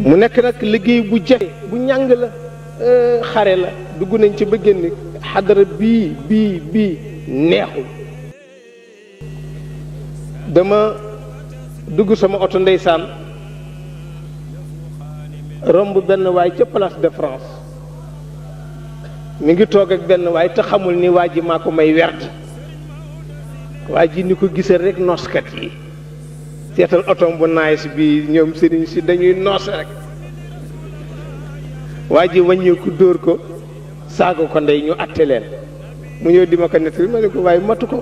mu nekk nag liggéey bu jafe bu ñàng la euh, xare la dugg nañ ci ba génn xadara bii bii bii neexul dama dugg sama oto ndeysaan romb benn waay ca place de France mi ngi toog ak benn waay te xamul ni waa ji maa ko may werd waa ji ni ko gisal rek noskat yi seetal otom bu naayis bii ñoom sëriñ si dañuy noose rek waa ji wàññeeku dóor ko saago ko ndey ñu atte leen mu ñëw dima ma ko nettali ma ne ko waaye matu ko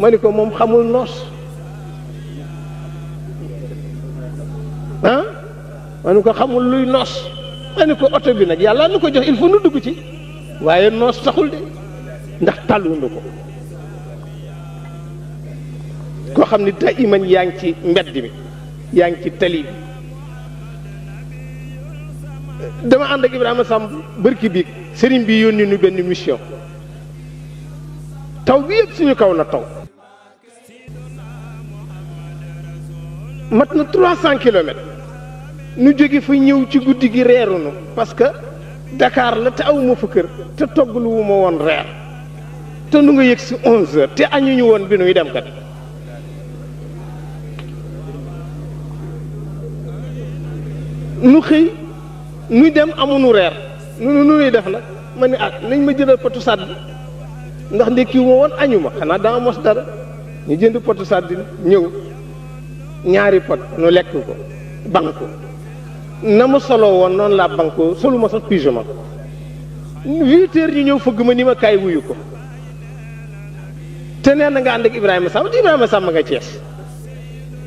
ma ne ko moom xamul noos ah ma ko xamul luy noos ma ne ko oto bi nag yàlla nu ko jox il faut nu dugg ci waaye noos taxul de ndax tàlluñu ko koo xam ne daa iman yaa ngi ci mbedd mi yaa ngi ci tali dama ànd ak Ibrahima Samb bërki biig sëriñ bi yónni nu benn mission taw bi yëpp suñu kaw na taw mat na trois cent kilomètres nu jóge fu ñëw ci guddi gi reerunu parce que Dakar la te awuma fu kër te toggalu woon reer te nu nga yëg si onze heures te añuñu woon bi nuy dem kat nu xëy nuy dem amuñu reer nu nuy def nag ma ne ah nañ ma jëlal potu sàdd ndax ndekkiwu woon añu ma xanaa dama mos dara ñu jënd potu sàdd ñëw ñaari pot nu lekk ko banku na ma soloo woon noonu laa banku solu ma sax pyjama huit ñu ñëw fëgg ma ni ma kaay wuyu ko te neen na nga ànd ak Ibrahima Samb ma sàmm nga Cees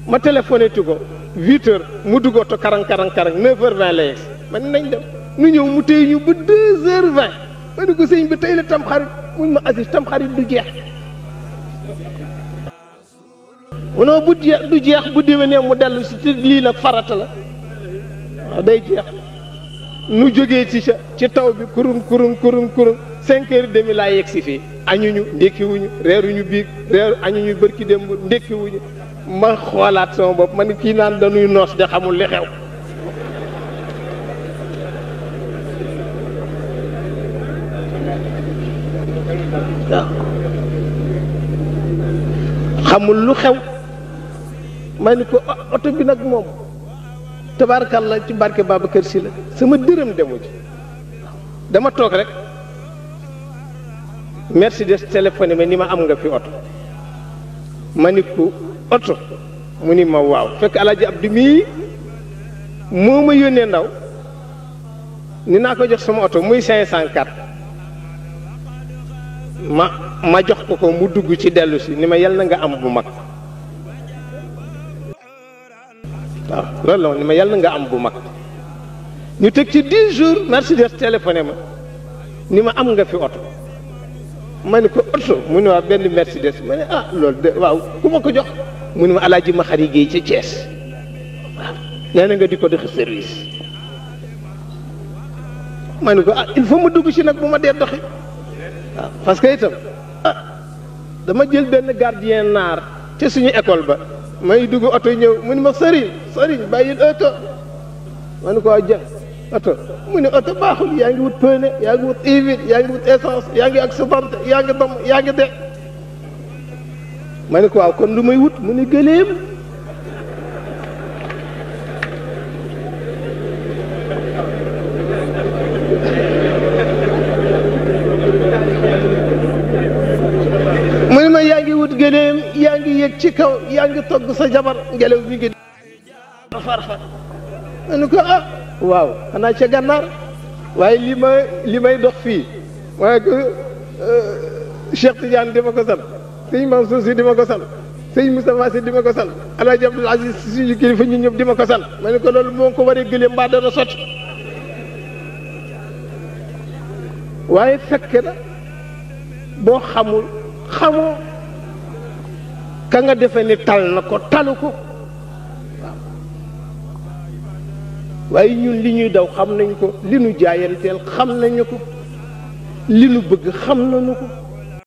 ma téléphoné ko huit heures mu dugg oto karang karang karang neuf heures vingt la yegsi nañ dem nu ñëw mu téye ñu ba deux heures vingt ma ko sëñ bi tey la tamxarit muñ ma Aziz tamxarit du jeex mu ne bu jeex bu déwénee mu dellu si te lii nag farata la waaw day jeex nu jógee ci sa ci taw bi kurum kurum kurum kurum cinq heures demi laa yegsi fii añuñu ndékkiwuñu reeruñu biig reeru añuñu bërki démb ndékkiwuñu ma xoolaat sama bopp ma ni kii naan dañuy noos de xamul li xew lu xew ma ni ko ah, oto bi nag moom tabaarkalla ci barke Babacar Si la sama dërëm demu ci dama toog rek Mercedes téléphoné ma ni ma am nga fi oto ma ko oto mu ni ma waaw fekk alaaji Abdu mii moo ma yónnee ndaw ni naa ko jox sama oto muy cinq cent quatre ma ma jox ko ko mu dugg ci dellusi ni ma yal na nga am bu mag waaw loolu la ni ma yal nga am bu mag ñu teg ci dix jours Mercedes téléphoné ma ni ma am nga fi oto ma ne ko oto mu ne waa benn Mercedes ma ne ah loolu de waaw ku ma ko jox mu ne ma alaaji ma xari géey ca Thiès waaw nee nga di ko def service ma ne ko ah il faut ma dugg si nag bu ma dee doxi waaw ah, parce que itam ah dama jël benn gardien naar ca suñu école ba may dugg oto ñëw mu ne ma sëriñ sëriñ bàyyil oto ma ne ko ah, ja oto mu ne oto baaxul yaa ngi wut pene yaa ngi wut huile yaa ngi wut essence yaa ngi ak sa yaa ngi dom yaa ngi de ma ne ko waaw kon lu may wut mu ne gëléem mu ni ma yaa ngi wut gëléem yaa ngi yëg ci kaw yaa ngi togg sa jabar ngelaw mi ngi farfa ma ne ko ah waaw xanaa ca gànnaar waaye li ma li may dox fii waaye ko euh, Cheikh Tidiane dama ko sant sëñ Mansour si di ma ko sal sëñ Moustapha si di ma ko sal Alaaji Abdul Aziz si suñu kilifa ñun ñëpp di ma ko sal ma ne ko loolu moo ko waree gëlee mbaa dana sotti waaye fekk na boo xamul xamoo ka nga defee ni tal na ko talu ko waaye ñun li ñuy daw xam nañ ko li nu jaayanteel xam nañu ko li nu bëgg xam nañu ko